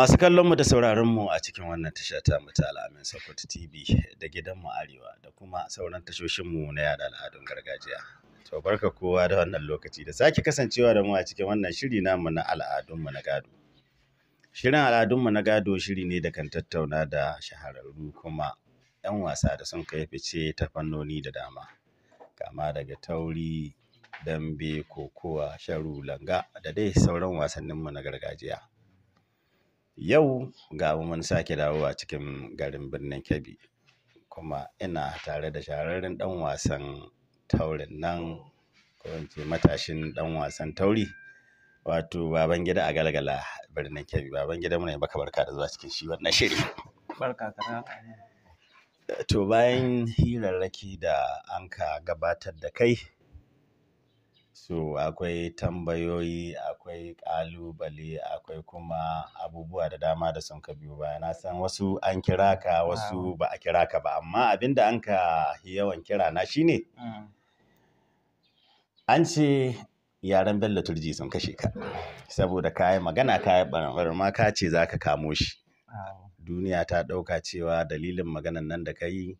Masu kallon mu da sauraron mu a cikin wannan tasha ta mutala ta Al'amin Sokoto TV da gidan mu Arewa da kuma sauran tashoshin mu na yada al'adun gargajiya. To barka kowa da wannan lokaci da sake kasancewa da mu a cikin wannan shiri namu na al'adun mu na gado. Shirin al'adun mu na gado shiri ne da kan tattauna da shahararru kuma 'yan wasa da sun kai fice ta fannoni da dama. Kama daga tauri, dambe, kokowa, sharu, langa da dai sauran wasannin mu na gargajiya. Yau ga mun sake dawowa cikin garin birnin Kebbi kuma ina tare da shahararren dan wasan taurin nan ko in ce matashin dan wasan tauri wato baban gida a galgala birnin Kebbi baban gida muna baka barka da zuwa cikin shi wannan shiri. Barka To bayan hirarraki da an ka gabatar da kai So akwai tambayoyi, akwai ƙalubale, akwai kuma abubuwa da dama da sun ka biyo baya. Na san wasu an kira ka, wasu ba a kira ka ba. Amma abin da an ka yawan kira na shi ne, mm. an ce yaren Bello Turji sun kashe ka. Saboda ka yi magana ka yi ma ka ce za ka kamo shi. Duniya ta ɗauka cewa dalilin maganan nan da ka yi,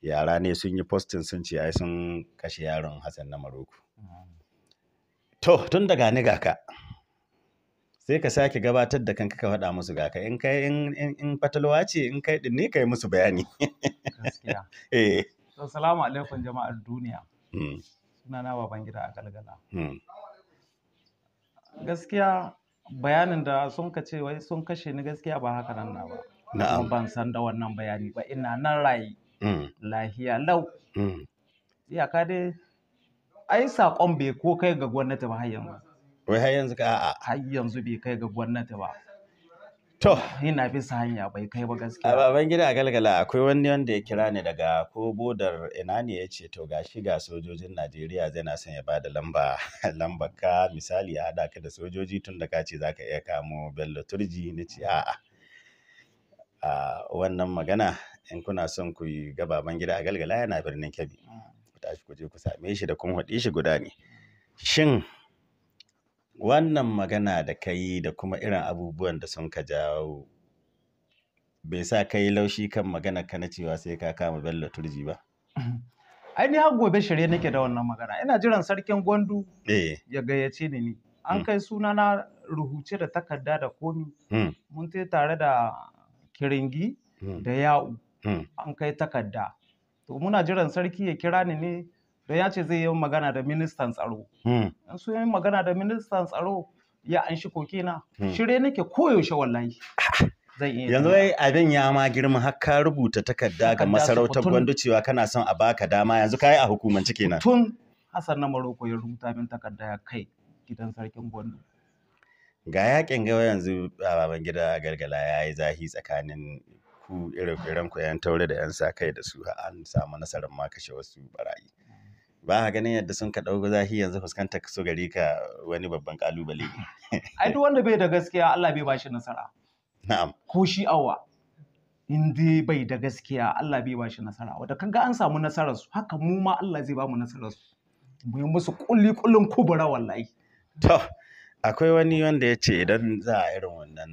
yara ne sun yi postin sun ce ai sun kashe yaron Hassan na Maroko. Mm. to tun daga ni gaka, sai ka sake gabatar da kanka ka faɗa musu gaka, in kai in fatalwa ce in kai ɗin ne kai musu bayani gaskiya eh assalamu alaikum jama'ar duniya hmm. na baban gida a galgala hmm. gaskiya bayanin da sun ka ce wai sun kashe ni gaskiya ba haka nan na ba na'am ban san da wannan bayani ba ina nan rayi hmm. lahiya lau iyaka dai ai sakon bai ko kai ga gwamnati ba har yanzu wai har yanzu ka a'a har yanzu bai kai ga gwamnati ba to ina sa hanya bai kai ba gaskiya a baban gida galgala akwai wani wanda ya kira ni daga ko bodar ina ne ya ce to gashi ga sojojin Najeriya zai na son ya bada lamba lamba ka misali ya hada ka da sojoji tun da ka ce zaka iya kamo Bello Turji ni ce a'a a wannan magana in kuna son ku yi baban gida a galgala yana birnin Kebbi tashi kuje ku same shi da kun haɗe shi guda ne shin wannan magana da ka yi da kuma irin abubuwan da sun ka jawo bai sa ka yi laushi kan magana ka na cewa sai ka kama bello turji ba ai ni har gobe shirye nake da wannan magana ina jiran sarkin gwandu eh. ya gayyace ni an mm. kai suna na rubuce da takarda da komi mm. mun tai tare da kiringi mm. da ya'u an kai takarda to muna jiran sarki ya kira ni ne don ya ce zai yi magana da ministan tsaro hmm. in su yi magana da ministan tsaro ya anshi koke na hmm. shirye nake koyaushe wallahi yanzu wai abin ya ma girma har ka rubuta takarda ga masarautar gwando cewa kana son a baka dama yanzu yi a hukumance kenan tun Hassan na Maroko ya rubuta min takarda ya kai gidan sarkin gwando ga yakin gawa yanzu baban gida gargala ya yi zahi tsakanin ku irin firan ku yan taure da yan sa kai da su an samu nasarar ma kashe wasu barayi ba ka ganin yadda sun ka ɗauko zahi yanzu fuskanta su gari ka wani babban kalubale ai duk wanda bai da gaskiya Allah bai bashi nasara na'am ko shi awa in dai bai da gaskiya Allah bai bashi nasara wanda kanga an samu nasarar su haka mu ma Allah zai mu nasarar su mu yi musu kulli kullun kubura wallahi to akwai wani wanda ya ce idan za a irin wannan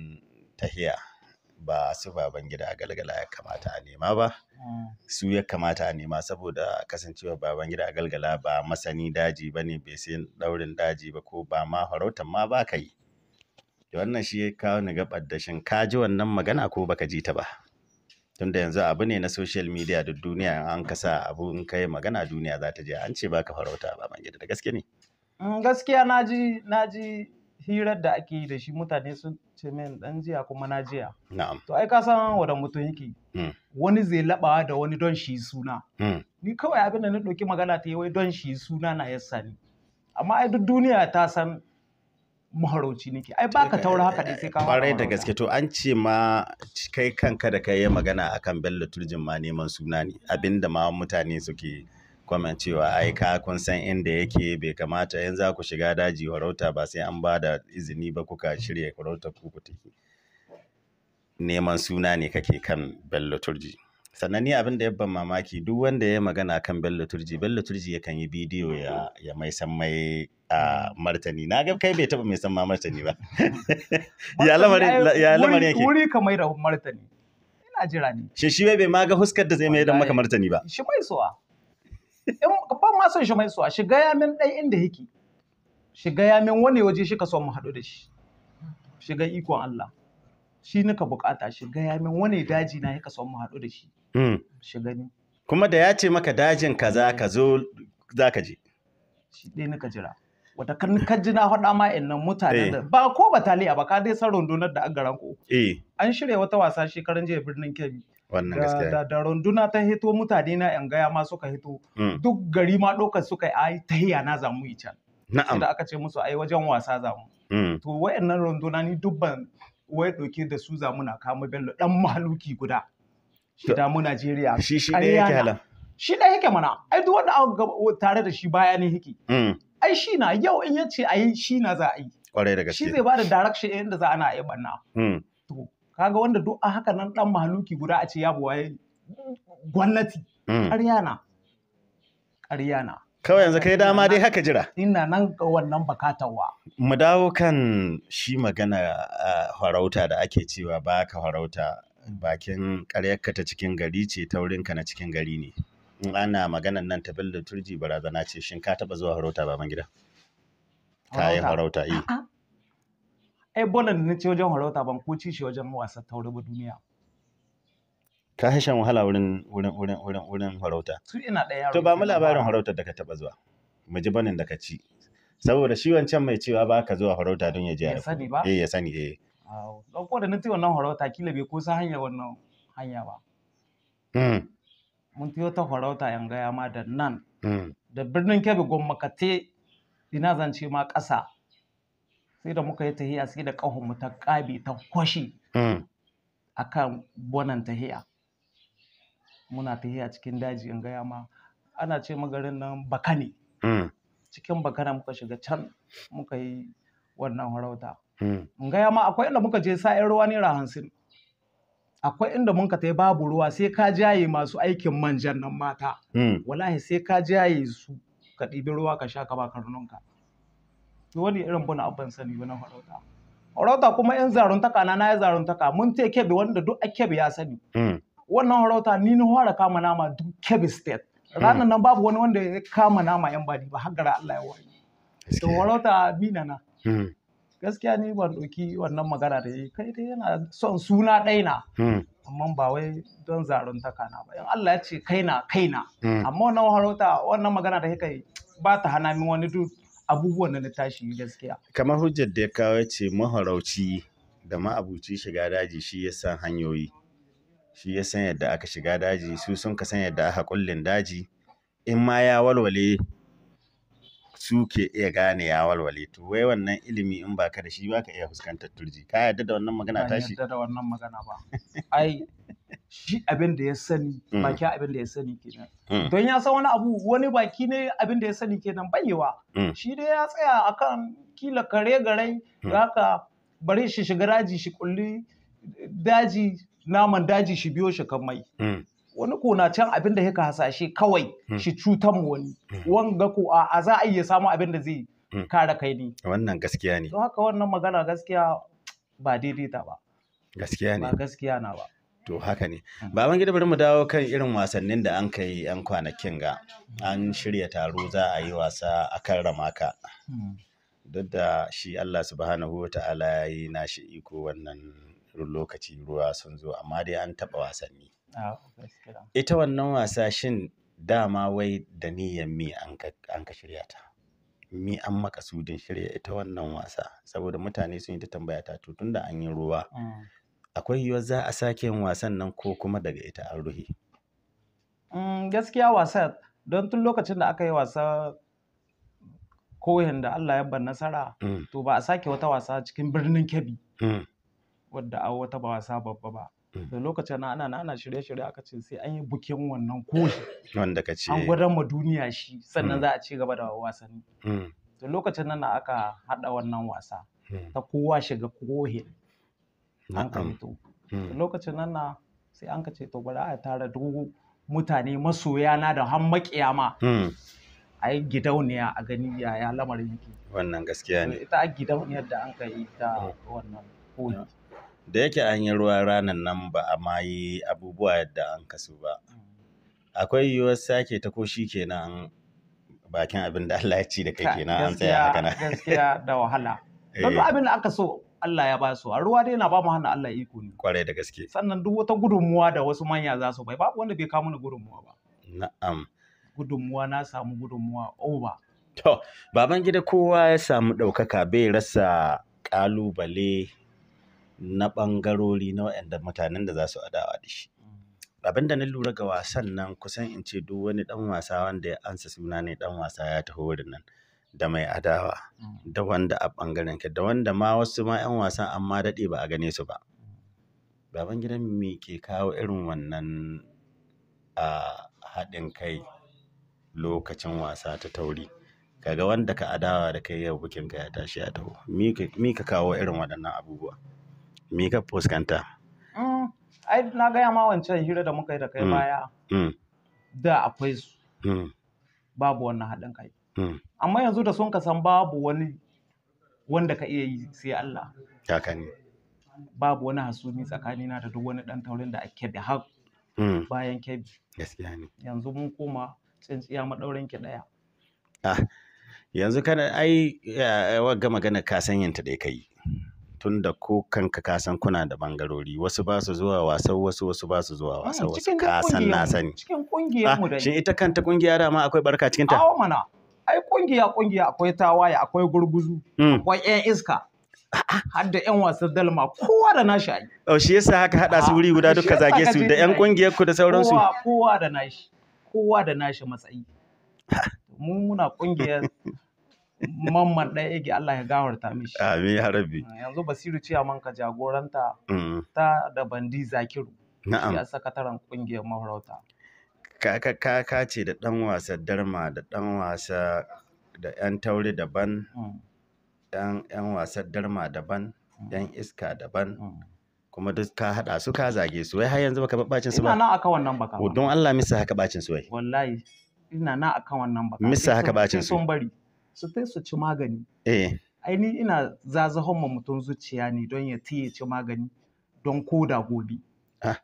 tahiya ba su baban gida a galgala ya kamata a nema ba mm. su ya kamata a nema saboda kasancewar baban gida a galgala ba masani daji ba ne bai sai daurin daji ba ko ba ma farautan ma ba ka yi da wannan shi ya kawo ni gabar da shin ka ji wannan magana ko baka ji ta ba tunda yanzu abu ne na social media duk duniya an kasa abu in kai magana duniya za ta je an ce baka farauta baban gida da gaske ne mm, gaskiya na ji Na ji. hirar da ake yi da shi mutane sun ce min dan jiya kuma na jiya to ai ka san wadan mutum yake hmm. wani zai labawa da wani don shi suna hmm. ni kawai abin da na ɗauki magana ta yi wai don shi suna na yassa sani amma ai duk duniya ta san maharauci nake ai baka eh, taura eh, haka dai sai ka eh, ƙwarai da gaske to an ce ma kai kanka da kai magana akan bello turjin ma neman suna ne abinda ma mutane suke comment cewa ai ka kun san inda yake bai kamata in za ku shiga daji farauta ba sai an ba da izini ba kuka shirya farauta ku ku tafi neman suna ne kake kan bello turji sannan ni abin da ya ban mamaki duk wanda ya magana kan bello turji bello turji kan yi bidiyo ya, ya mai san mai a martani na ga kai bai taba mai san ma martani ba ya lamari ya lamarin yake wuri ka mai da martani ina jira ne shi shi bai ma ga huskar da zai mai da maka martani ba shi mai suwa ban ma son shi mai suwa shiga ya min ɗai inda yake shiga ya min wani waje shi ka son mu haɗu da shi shiga ikon Allah shi nika bukata shiga ya min wani daji na ya ka son mu haɗu da shi hmm. shiga ni kuma da ya ce maka dajin ka za ka zo za ka je shi ɗaya nika jira wata kan kaji na faɗa ma nan mutane eh. da ba ko bataliya ba ka dai san rundunar da agaran ko eh. an shirya wata wasa shekaran jiya birnin Kebbi da runduna ta hito mutane na yan gaya ma suka hito hmm. duk gari ma ɗaukar suka yi ai ta hiya na zamu yi can na'am da aka ce musu ai wajen wasa zamu hmm. to wayannan runduna ni dubban wai doke da su zamu na kama bello dan maluki guda shi da mu Najeriya shi shi ne yake hala shi da yake mana ai duk wanda tare da shi baya ne hiki hmm. ai shi na yau in yace ai shi na za a yi kwarai da gaske shi zai ba da direction inda za ana yi banna kaga wanda duk a haka nan dan mahaluki guda a ce ya buwaye gwamnati hmm. ƙarya na ƙarya na kawai yanzu kai dama dai haka jira ina nan wannan bakatawa mu dawo kan shi magana farauta da ake cewa ba ka farauta bakin ka ta cikin gari ce taurinka na cikin gari ne in ana maganan nan ta da turji barazana ce shin ka taba zuwa farauta baban gida ka yi farauta yi ebola da na ce wajen harauta ban ko ci shi wajen ta tauraba duniya ka shan wahala wurin wurin wurin wurin wurin harauta su ina ɗaya to ba mu labarin harautar da ka taba zuwa mu ji banin da ka ci saboda shi wancan mai cewa ba ka zuwa harauta don ya ji ya sani ba eh ya sani eh ko da na ci wannan harauta kila bai kusa hanya wannan hanya ba hmm. mun tiyo ta harauta yan gaya ma da nan hmm. da birnin kebe gwammakate ina zance ma ƙasa sai da muka yi tahiya sai da ƙahon mu ta ƙabi ta kwashi hmm. akan bonan tahiya muna tahiya cikin daji in gaya ma ana ce magarin nan baka ne hmm. cikin bakana muka shiga can muka yi wannan harauta hmm. in gaya ma akwai inda muka je sa'in ruwa naira hamsin akwai inda muka ta yi babu ruwa sai ka jaye masu aikin manjan nan mata wallahi sai ka jaye su ka ɗibi ruwa ka sha ka ba karnunka wani irin buna abin sani wani farauta farauta kuma yan zaruntaka na na ya zaruntaka mun ce kebe wanda duk a ya sani hmm. wannan farauta ni na fara kama nama duk kebe state ranan nan babu wani wanda ya kama nama yan badi ba har gara Allah ya wani to farauta bina na hmm. gaskiya ni ban doki wannan magana da yi kai dai yana son suna ɗaina. Hmm. amma ba wai don zaron taka na ba in Allah ya ce kaina na kai na amma wannan harauta wannan magana da kai ba ta hana min wani duk abubuwan na tashi gaskiya kamar hujjar da ya kawo ce maharauci da ma'abuci shiga daji shi ya san hanyoyi shi ya san yadda aka shiga daji su sun ka san yadda aka kullin daji in ma ya walwale Su ke iya gane ya walwale to wai wannan ilimi in baka da shi baka iya fuskantar turji ka yarda da wannan magana ka yarda da wannan magana ba ai shi abin da ya sani hmm. baki abin da ya sani kenan hmm. don ya san wani abu wani baki ne abin da ya sani kenan bayewa hmm. shi dai ya tsaya akan kila kare garai haka bari shi shiga daji shi kulli daji naman daji shi biyo shi kan mai wani ko can abin da yake hasashe kawai hmm. shi cutan wani hmm. wanga ko a za a iya samu abin da zai hmm. kare kai ne wannan gaskiya ne don haka wannan magana gaskiya ba daidai ta ba gaskiya ne ba gaskiya na ba to haka ne baban gida bari mu dawo kan irin wasannin da an kai yan kwanakin ga an shirya taro za a yi wasa akan ramaka duk da shi Allah subhanahu wa ta'ala ya yi nashi iko wannan lokaci ruwa sun zo amma dai an taɓa wasanni Ah, ita wannan wasa shin dama wai da niyyar me an ka shirya ta? Me an makasudin shirya ita wannan wasa? Saboda mutane sun yi ta tambaya ta to tunda an yi ruwa. Mm. Akwai yiwuwar za a sake yin wasan nan ko kuma daga ita an ruhe. Mm, gaskiya wasa don tun lokacin da aka yi wasa Kowhin da Allah ya ban nasara, mm. to ba a sake wata wasa cikin birnin Kebbi wadda a wata ba wasa babba ba. Mm. da lokacin na ana ana shirye-shirye aka ce sai an yi bukin wannan koshi wanda ka ce an gwada ma duniya shi sannan mm. za a ci gaba da wasanni mm. da lokacin nan aka hada wannan wasa ta kowa shiga kohin an ka fito da lokacin nan sai an ka ce to bari a tara duk mutane masoya na da har makiya ma a yi gidauniya a gani yaya lamarin yake wannan gaskiya ne ita a gidauniyar da an ka yi ta wannan kohi da yake an yi ruwa ranar nan ba a ma yi abubuwa yadda an kasu ba akwai yiwuwar sake ta ko shi kenan bakin abin da Allah ya ci da kai kenan an tsaya haka na gaskiya da wahala don duk eh. abin da aka so Allah ya ba su a ruwa dai na ba mu hana Allah iko ne kwarai da gaske sannan duk wata gudunmuwa da wasu manya za su bai babu wanda bai kawo mana gudunmuwa ba na'am gudunmuwa na samu gudunmuwa over to baban gida kowa ya samu ɗaukaka bai rasa ƙalubale na ɓangarori na waɗanda mutanen da za su adawa da shi. Mm. Abin da na lura ga wasan nan kusan in ce duk wani ɗan wasa wanda ya ansa suna ne ɗan wasa ya taho wurin nan da mai adawa mm. da wanda a ɓangaren ka da wanda ma wasu ma 'yan wasan amma daɗe ba a gane su ba. Mm. Baban gidan me ke kawo irin wannan a haɗin kai lokacin wasa ta tauri. Kaga wanda ka adawa da kai yau bikinka ya tashi ya taho. Me ka kawo irin waɗannan abubuwa? me ka fuskanta mm, ai na gaya ma wancan hira da muka yi da kai mm, baya mm. da akwai su babu wannan haɗin kai amma yanzu da sun ka san babu wani wanda ka iya yi sai Allah haka ne babu wani hasumi tsakanina da duk wani ɗan taurin da ake da har bayan kebi gaskiya ne yanzu mun koma tsintsiya maɗaurin ki ɗaya ah, yanzu kana ai wagga magana ka san yanta da kai tunda ko kanka ka san kuna da bangarori wasu ba su zuwa wasan wasu wasu ba su zuwa wasan ah, wasu ka san na sani cikin kungiyar mu ah, da shin ita kanta kungiya da ma akwai barka cikin ta awo mana ai kungiya kungiya akwai tawaye akwai gurguzu hmm. akwai 'yan iska ah, har da ƴan wasan dalma kowa da nashi ai oh shi yasa haka hada su wuri guda duka zage su da ƴan kungiyar ku da su kowa da nashi kowa da nashi matsayi mu muna kungiyar mamman ɗaya yake Allah ya gawarta mishi. Amin ya rabbi. Ah, yanzu Basiru man ka jagoranta mm. ta da bandi Zakiru. Na'am. Shi sakataren kungiyar maharauta. Ka ka ce da ɗan wasa darma da ɗan wasa da 'yan taure daban, 'yan mm. wasa darma daban, ɗan mm. iska daban. kuma duk ka haɗa su ka zage su wai har yanzu baka bacin su ba ina na aka wannan baka don Allah misa haka bacin su wai wallahi ina na aka wannan baka misa haka bacin su sun bari su tai su ci magani eh aini ina zazahon ma mutum zuciya ne don ya tiye ci magani don koda gobe ah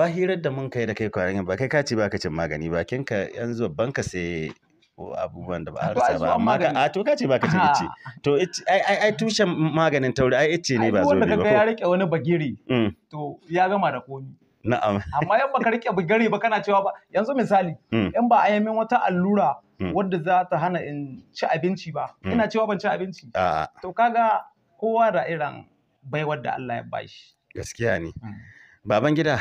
wa hirar da mun kai da kai kwarin ba kai ka ci ba ka cin magani ba kin ka yanzu babban ka sai abubuwan da ba a rasa ba amma ka a to ba baka cin ah. ice to ai ai tushen maganin tauri ai ice ne ba zo ba ko wanda ka ya rike wani bagiri mm. to ya gama da komi na'am amma yan baka rike gari ba kana cewa ba yanzu misali hmm. In ba a yamin wata allura hmm. wadda za ta hana in ci abinci ba hmm. ina cewa ban ci abinci to kaga kowa da irin baiwar da Allah ya bashi gaskiya ne baban gida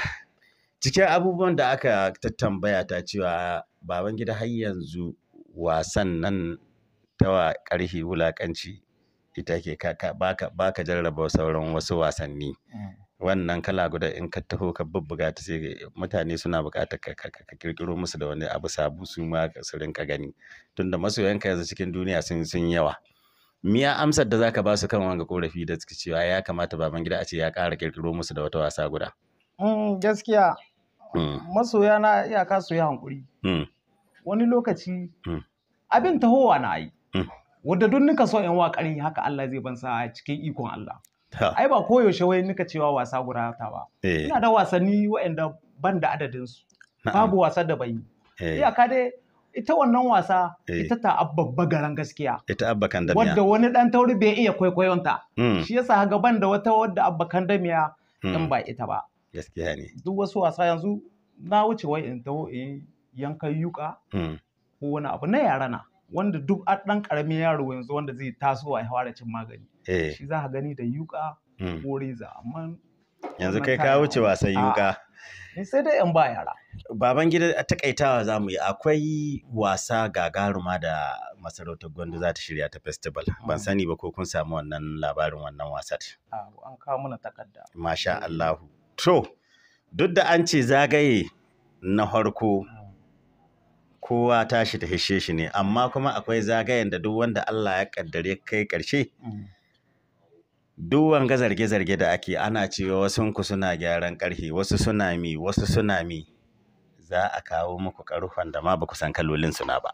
cikin abubuwan da aka tattambaya ta cewa baban gida har yanzu wasan nan ta wa wulaƙanci ita ke baka jarraba sauran wasu wasanni wannan kala guda in ka taho ka bubbuga ta sai mutane suna buƙatar ka kirkiro musu da wani abu sabu su ma su rinka gani tunda masoyanka yanzu cikin duniya sun sun yawa miya amsar da zaka ba su kan wanga korafi da suke cewa ya kamata baban gida a ce ya ƙara kirkiro musu da wata wasa guda hmm, gaskiya hmm. masoya na iyaka su yi hankuri hmm. wani lokaci abin tahowa na yi wadda duk nika so in yi, haka Allah zai ban sa cikin ikon Allah ai ba koyaushe wai nika cewa wasa guda haka ba eh. ina da wasanni wa'inda ban da adadinsu. babu wasa da bai eh. iyaka dai ita wannan wasa eh. ita ta abba garan gaskiya ita abba kandamiya wadda wani dan tauri bai iya kwaikwayon ta hmm. shi yasa ban da wata wadda abba kandamiya hmm. in ba ita ba gaskiya ne duk wasu wasa yanzu na wuce wai in taho in yanka yuka hmm. ko wani abu na yara na wanda duk a ɗan ƙaramin yaro yanzu wanda zai taso a fara cin magani eh. shi za ka gani da yuka hmm. ko reza amma yanzu kai ka wuce wasan yuka sai dai yan ba yara baban gida a takaitawa za mu yi akwai wasa gagaruma da masarautar gwandu za ta shirya ta festival ban hmm. sani ba ko kun samu wannan labarin wannan wasat. an kawo mana takarda masha Allah to duk da an ce zagaye na farko hmm. kowa tashi ta hishe shi ne amma kuma akwai zagayen da duk wanda Allah ya kaddare kai karshe duk wanga zarge-zarge da ake ana cewa wasu ku suna gyaran karhe wasu suna mi wasu suna mi za a kawo muku karfan da ma ba ku san kalolin suna ba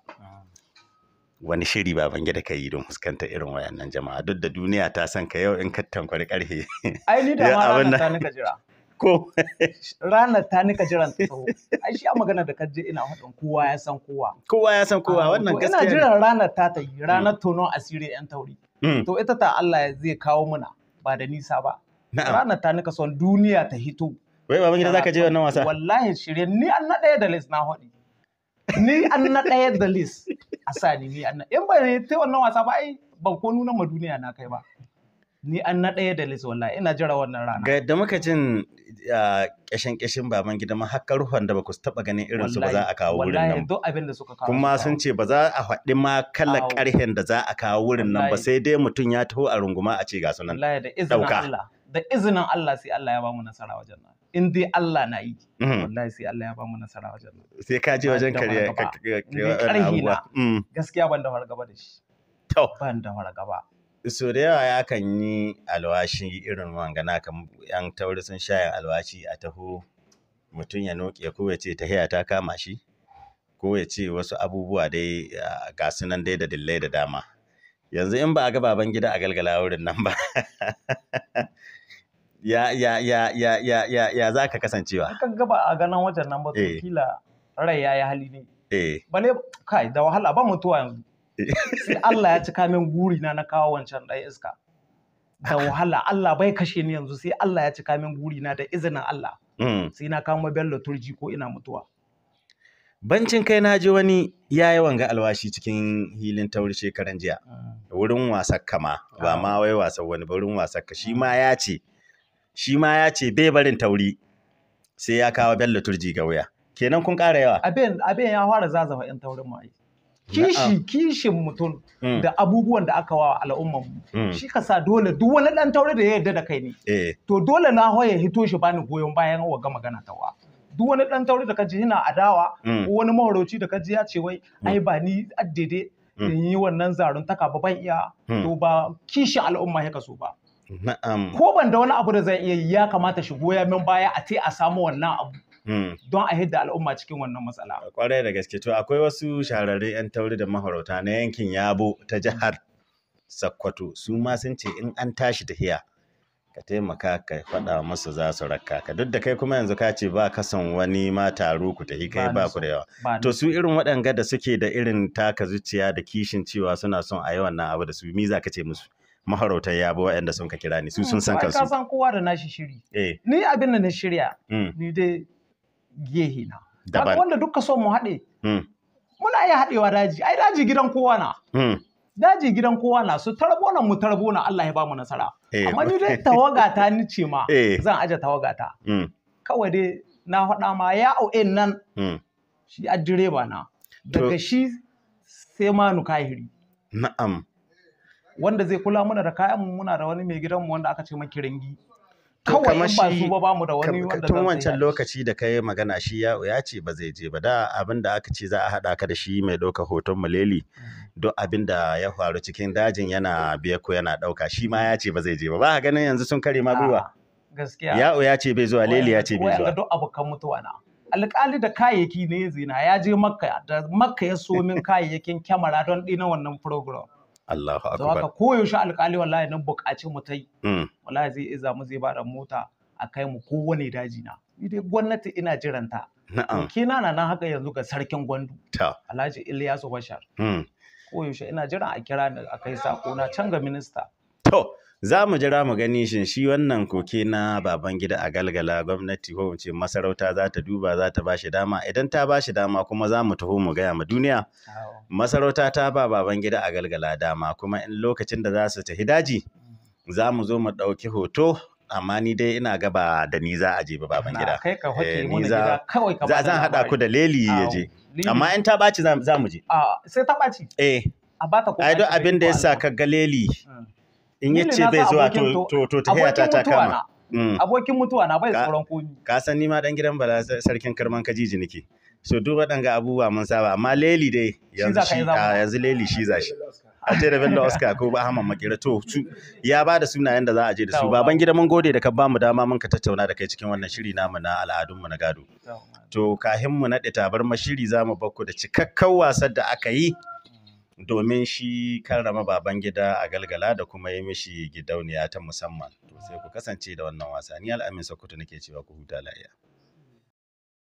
wani shiri ba bange da ka yi don fuskanta irin wayannan jama'a duk da duniya ta san ka yau in ka tankwari karhe ai ni da ma ta nika jira ko ranar ta nika jiran ta taho ai shi a magana da kaje ina faɗin kowa ya san kowa kowa ya san kowa ah, wannan gaskiya ina jiran ranar ta ta yi ranar mm. tonon asiri yan tauri mm. to ita ta Allah zai kawo muna ba da nisa ba ranar ta nika son duniya ta hito wai baban gida zaka je wannan wasa wallahi shirye ni an na daya da list na haɗi ni an na daya da list a sani ni an na in ba ne ta wannan wasa ba ai ban ko nuna ma duniya na kai ba ni an na ɗaya da lis wallahi ina jira wannan rana ga yadda muka jin kashin kashin baban gida ma hakkar ruhan da ba ku taba ganin irin su ba za a kawo wurin nan duk abin da suka kawo kuma sun ce ba za a haɗi ma kala ƙarhen da za a kawo wurin nan ba sai dai mutum ya taho a runguma a ce ga sunan da izinin Allah da izinin Allah sai Allah ya ba mu nasara wajen nan in dai Allah na yi mhm. wallahi sai Allah ya ba mu nasara wajen nan sai ka je wajen kariya ka ƙarhi na mm. gaskiya ban da fargaba da shi ban da fargaba so da yawa ya kan yi alwashi irin wangana kan yan tauri sun shayar alwashi a taho mutum ya noke ko ya ce tahiya ta kama shi ko ya ce wasu abubuwa dai ga su nan dai da dillai da dama yanzu in ba a ga ban gida a galgala wurin nan ba ya ya ya ya ya ya ya za ka kasancewa kan gaba a ganin wajen nan ba eh. kila rai ya yi hali ne eh ne kai da wahala ba mutuwa yanzu sai Allah ya cika min guri na na kawo wancan ɗaya iska da wahala Allah bai kashe ni yanzu sai Allah ya cika min guri na da izinin Allah hmm. sai na kama bello turji ko ina mutuwa bancin kai na ji wani ya yi wanga alwashi cikin hilin tauri shekaran jiya hmm. wurin wasan kama ba ma ah. wai wasan wani ba wurin wasan ka shi ma ya ce shi ma ya ce bai barin tauri sai ya kawo bello turji ga wuya kenan kun ƙara yawa abin abin ya fara zazafa in taurin mu kishi kishin mutum mm. da abubuwan da aka wa al'umman mu mm. shi ka sa dole duk wani dan taure da ya yarda da kai ne eh. to dole na hoye hito shi bani goyon bayan wa ga magana wa duk wani dan taure da kaji yana adawa mm. ko wani mahoroci da kaji ya ce wai ai ba ni addede in yi wannan zarun taka ba ban iya to ba kishi al'umma ya kaso ba Ko ban da wani abu da zai iya ya kamata shi goya min baya a te a samu wannan abu. Hmm. don a yadda al'umma cikin wannan matsala. Kwarai da gaske to akwai wasu shahararrun 'yan tauri da maharauta na yankin Yabo ta jihar Sokoto. su ma sun ce in an tashi tahiya ka taimaka ka faɗa musu za su rakka ka duk da kai kuma yanzu ka ce ba kasan wani ma taro ku tahi kai ba ku da yawa to su irin waɗanga da suke da irin taka zuciya da kishin cewa suna son a yi wannan abu da su mi za ka ce musu maharautan yabo waɗanda sun ka kira ni su hmm. sun san kansu. Ka san kowa da nashi shiri. Eh. Ni abin da na shirya. Hmm. Ni dai gehe na wanda duka so mu haɗe hmm. muna iya haɗewa daji ai daji gidan kowa na hmm. daji gidan kowa na su tarbo nan mu tarbo na Allah ya bamu nasara eh. amma ni dai tawaga ta ni ce ma eh. zan aje tawaga ta hmm. kawai dai na faɗa ma ya en nan shi a direba na daga shi sai manu kahiri na'am wanda zai kula muna da kayan muna da wani mai gidanmu wanda aka ce makiringi kawai ba su ba bamu da wani wanda tun wancan lokaci da kai magana shi ya ya ce ba zai je ba da abin da aka ce za a hada ka da shi mai ɗauka hoton maleli mm. duk abin da ya faru cikin dajin yana biya ko yana ɗauka shi ma ya ce ba zai je ba ba a ganin yanzu sun kare ma gwiwa gaskiya ya'u ya ce bai zuwa leli ya ce bai zuwa duk kan mutuwa na alƙali da kayayyaki ne zina ya je makka da makka ya so min kayayyakin kyamara don ɗina wannan program Allahu akbar. Zaka koyaushe alƙali wallahi nan buƙacin mu tai. Mm. Wallahi zai iza mu zai bada mota a kai mu kowane daji na. Ni dai gwamnati ina jiran ta. Na'am. Kina na nan haka yanzu ga sarkin Gwandu. Ta. Alhaji Ilyasu Bashar. Mm. Koyaushe ina jiran a kira ni a kai sako na can ga minista. To. za mu jira mu gani shin shi wannan koke na baban gida a galgala gwamnati ko ce masarauta za ta duba za ta bashi dama idan ta bashi dama kuma za mu taho mu gaya ma duniya masarauta ta ba baban gida a galgala dama kuma in lokacin da za su tafi daji mm. za mu zo mu ɗauki hoto amma ni dai ina gaba da ni za a je ba baban eh, gida ni za zan haɗa ku da leli ya je amma in ta ɓaci za mu je sai ta baci eh a bata ko abin da yasa ka ga leli mm. in ya ce bai zuwa to ta haya ta takama. Mm. abokin mutuwa na bai tsoron komi ka san ni dan gidan bala sarkin karman kajiji nake so duk ga abubuwa mun saba amma leli dai yanzu leli shi za shi a ce da bello oscar ko ba Hamman Makira to ya ba da sunayen da za a je da su baban gida mun gode da ka ba mu dama mun ka tattauna da kai cikin wannan shiri namu na al'adunmu na gado to kahin mu naɗe tabarma shiri za mu bakku da cikakken wasan da aka yi domin shi karrama baban gida a galgala da kuma yi mishi gidauniya ta musamman to sai ku kasance da wannan wasa ni al'amin sokoto nake cewa ku huta lafiya